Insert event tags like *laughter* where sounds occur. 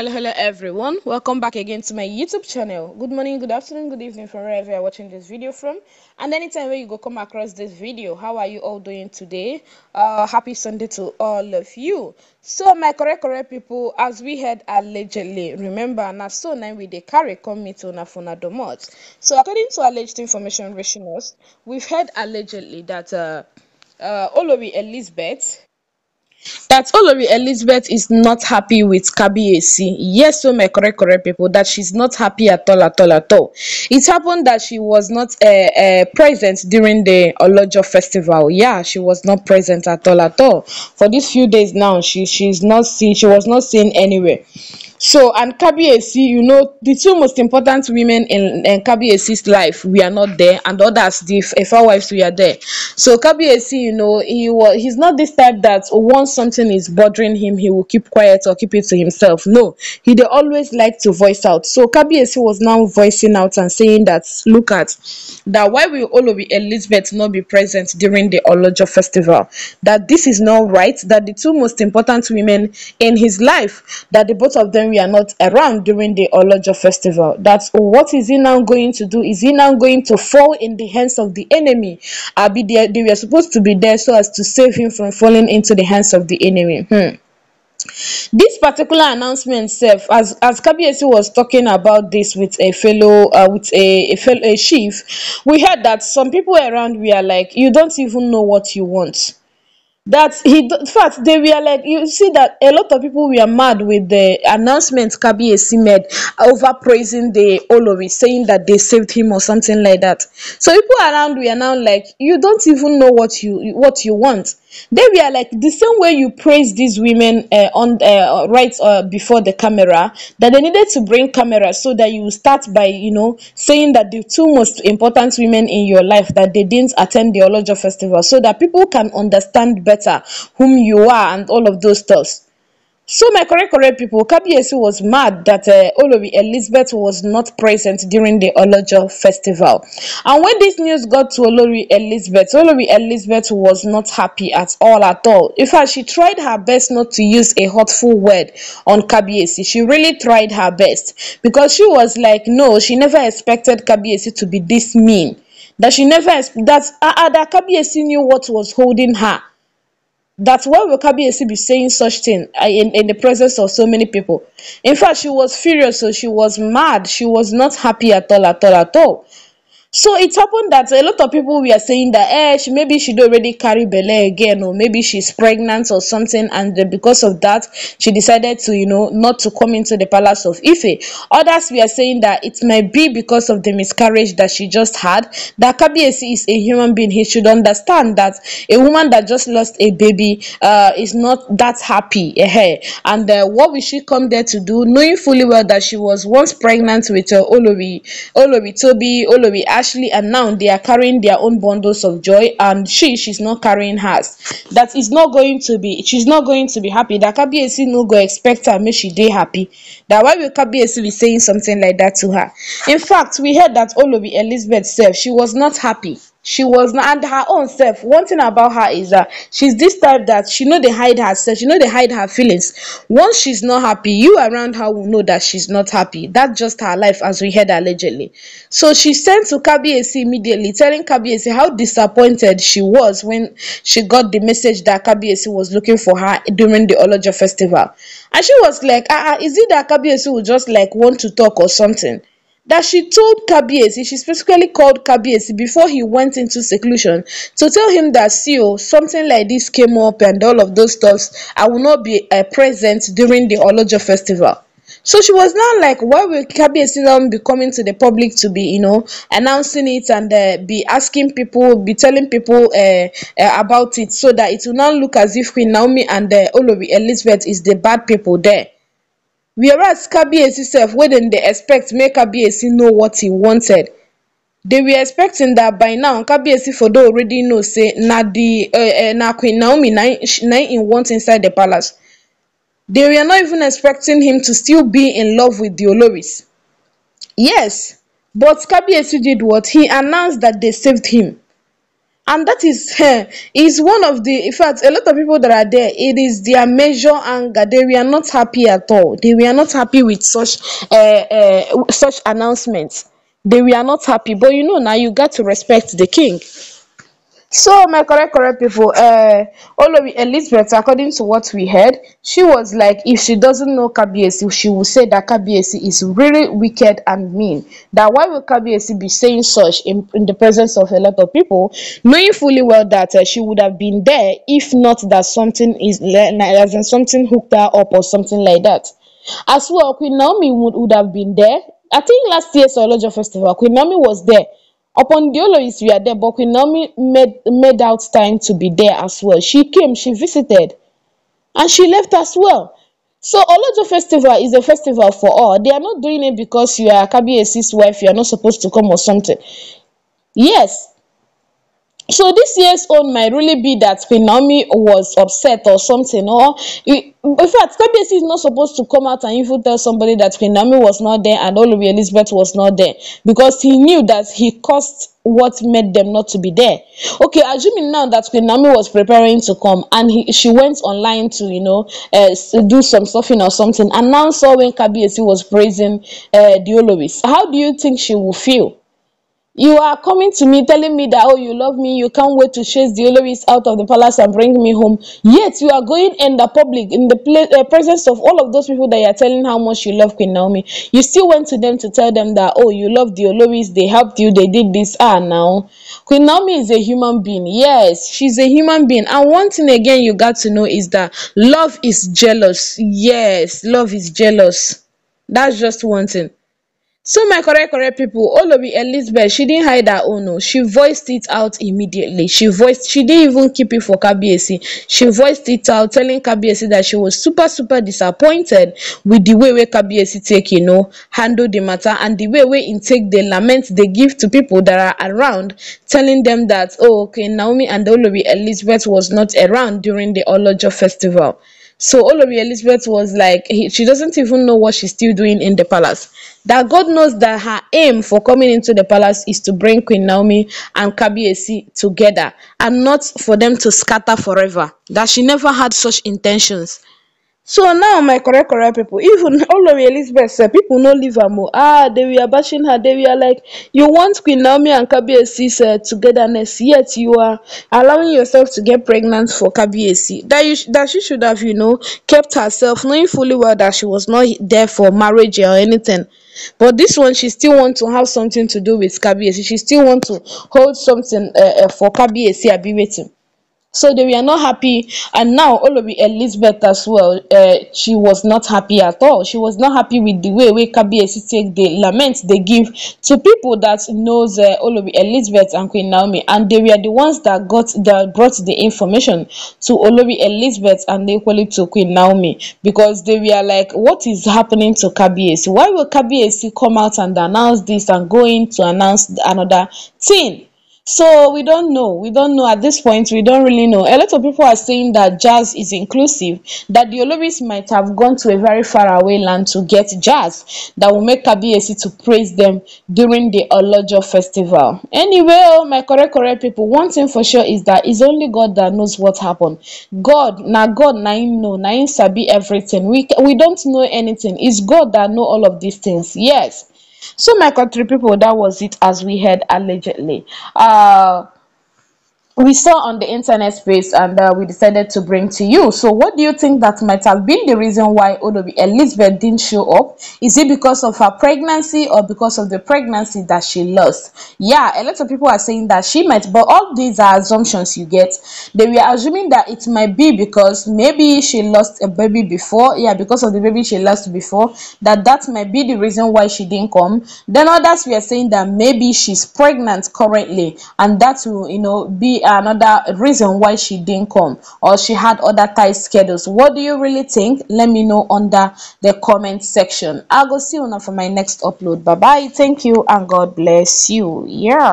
hello hello everyone welcome back again to my youtube channel good morning good afternoon good evening from wherever you're watching this video from and anytime where you go come across this video how are you all doing today uh happy sunday to all of you so my correct correct people as we heard allegedly remember now so now we they carry come meet on afuna domot so according to alleged information reaching we've heard allegedly that uh uh Olori Elizabeth that olori elizabeth is not happy with kabiyesi Yes, hear oh so my correct correct people that shes not happy at all at all at all it happened that she was not a eh, um eh, present during the olojo festival yeah she was not present at all at all for these few days now she shes not seen she was not seen anywhere so, and Kabiesi, you know, the two most important women in, in Kabiesi's life, we are not there, and others, the Efa wives, we are there. So, Kabiesi, you know, he was he's not this type that oh, once something is bothering him, he will keep quiet or keep it to himself. No, he they always like to voice out. So, Kabiesi was now voicing out and saying that, look at that, why will Olobi Elizabeth not be present during the Olojo festival? That this is not right, that the two most important women in his life, that the both of them we are not around during the Olojo festival. That's what is he now going to do? Is he now going to fall in the hands of the enemy? be there? they were supposed to be there so as to save him from falling into the hands of the enemy. Hmm. This particular announcement, self, as as Kabiesi was talking about this with a fellow, uh, with a, a fellow a chief, we heard that some people around we are like, you don't even know what you want that he in fact they were like you see that a lot of people were mad with the announcement Kabi Esi made over praising the Olori saying that they saved him or something like that so people around we are now like you don't even know what you what you want they were like the same way you praise these women uh, on uh, right uh, before the camera that they needed to bring cameras so that you start by you know saying that the two most important women in your life that they didn't attend the Olojo festival so that people can understand better better, whom you are, and all of those thoughts. So, my correct, correct people, Kabiyesi was mad that uh, Olobi Elizabeth was not present during the Olojo festival. And when this news got to Olori Elizabeth, Olori Elizabeth was not happy at all at all. In fact, she tried her best not to use a hurtful word on Kabiyesi. She really tried her best because she was like, no, she never expected Kabiyesi to be this mean. That she never, that, uh, uh, that Kabiyesi knew what was holding her that why will Kabiesi be saying such thing uh, in, in the presence of so many people? In fact, she was furious, so she was mad. She was not happy at all, at all, at all. So it happened that a lot of people were saying that eh, she, maybe she already carry Bele again, or maybe she's pregnant or something, and because of that, she decided to, you know, not to come into the palace of Ife. Others were saying that it might be because of the miscarriage that she just had, that Kabiesi is a human being. He should understand that a woman that just lost a baby uh, is not that happy. Eh, and uh, what will she come there to do, knowing fully well that she was once pregnant with uh, Olori, Olori Toby, Olori Ashley and now they are carrying their own bundles of joy and she she's not carrying hers. That is not going to be she's not going to be happy. That Kabiesi no go expect her make she day happy. That why will Kabiesi be saying something like that to her? In fact, we heard that Olobi Elizabeth said she was not happy she was not and her own self one thing about her is that she's this type that she know they hide herself she know they hide her feelings once she's not happy you around her will know that she's not happy that's just her life as we heard allegedly so she sent to kbac immediately telling kbac how disappointed she was when she got the message that kbac was looking for her during the olojo festival and she was like ah, uh, uh, is it that kbac will just like want to talk or something that she told Kabiesi, she specifically called Kabiesi before he went into seclusion to tell him that, see, oh, something like this came up and all of those stuffs. I will not be uh, present during the Olojo festival. So she was now like, why will Kabiesi now be coming to the public to be, you know, announcing it and uh, be asking people, be telling people uh, uh, about it so that it will now look as if Queen Naomi and uh, Olobi Elizabeth is the bad people there whereas kabiyesi sef wouldn't dey expect make kabiyesi know what he wanted They were expecting that by now kabiyesi for don already know say na di eh, eh, na queen naomi nine in want inside the palace They were not even expecting him to still be in love with the oloris yes but kabiyesi did what he announced that they saved him and that is *laughs* eh, is one of the in fact a lot of people that are there it is their major anger they were not happy at all they were not happy with such uh, uh such announcements they were not happy but you know now you got to respect the king so, my correct, correct people, uh, eh, you, Elizabeth, according to what we heard, she was like, if she doesn't know KBSC, she will say that KBSC is really wicked and mean. That why will KBSC be saying such in, in the presence of a lot of people, knowing fully well that uh, she would have been there if not that something is, as in something hooked her up or something like that. As well, Queen Naomi would, would have been there. I think last year's Oloja Festival, Queen Naomi was there Upon the Olois, we are there, but Queen made, made out time to be there as well. She came, she visited, and she left as well. So Olojo festival is a festival for all. They are not doing it because you are Akabiesi's wife, you are not supposed to come or something. Yes, so this year's own might really be that Queen was upset or something, or in fact, KBC is not supposed to come out and even tell somebody that Queen was not there and Olivia Elizabeth was not there because he knew that he caused what made them not to be there. Okay, assuming now that Queen was preparing to come and he, she went online to, you know, uh, do some stuffing or something and now saw when KBC was praising uh, the how do you think she will feel? You are coming to me telling me that, oh, you love me, you can't wait to chase the Oloris out of the palace and bring me home. Yet, you are going in the public, in the uh, presence of all of those people that you are telling how much you love Queen Naomi. You still went to them to tell them that, oh, you love the Oloris, they helped you, they did this, ah, now. Queen Naomi is a human being. Yes, she's a human being. And one thing again you got to know is that love is jealous. Yes, love is jealous. That's just one thing so my correct correct pipo olobi elizabeth she didn't hide her own oh. she voiced it out immediately she voiced she didn't even keep it for kbac she voiced it out telling kbac that she was super super disappointed with the way wey kbac take you know handle the matter and the way wey intake the lament they give to people that are around telling them that oh okay naomi and olobi elizabeth was not around during the olojo festival so all of Elizabeth was like, she doesn't even know what she's still doing in the palace. That God knows that her aim for coming into the palace is to bring Queen Naomi and Kabiesi together and not for them to scatter forever. That she never had such intentions so now my correct correct people, even *laughs* olori elizabeth said, people no leave her more. ah they were bashing her They were like you want queen naomi and kabiyesi uh, togetherness yet you are allowing yourself to get pregnant for kabiyesi that you that she should have you know kept herself knowing fully well that she was not there for marriage or anything but this one she still want to have something to do with kabiyesi she still want to hold something uh, uh, I be waiting. So they were not happy. And now Olobi Elizabeth as well, uh, she was not happy at all. She was not happy with the way we take the lament they give to people that knows uh, Olobi Elizabeth and Queen Naomi. And they were the ones that got that brought the information to Olobi Elizabeth and equally to Queen Naomi because they were like, what is happening to KBSC? Why will KBSC come out and announce this and going to announce another thing? So we don't know. We don't know at this point. We don't really know. A lot of people are saying that jazz is inclusive, that the Olobis might have gone to a very far away land to get jazz that will make KBAC to praise them during the Olojo festival. Anyway, oh, my correct, correct people, one thing for sure is that it's only God that knows what happened. God, now God, now you know, now you sabi everything. We, we don't know anything. It's God that know all of these things. Yes. So, my country people, that was it as we heard allegedly. Uh, we saw on the internet space and uh, we decided to bring to you. So what do you think that might have been the reason why Odobi Elizabeth didn't show up? Is it because of her pregnancy or because of the pregnancy that she lost? Yeah, a lot of people are saying that she might, but all these are assumptions you get. They were assuming that it might be because maybe she lost a baby before. Yeah, because of the baby she lost before, that that might be the reason why she didn't come. Then others were saying that maybe she's pregnant currently and that will, you know, be another reason why she didn't come or she had other tight schedules what do you really think let me know under the comment section i'll go see you now for my next upload bye bye thank you and god bless you yeah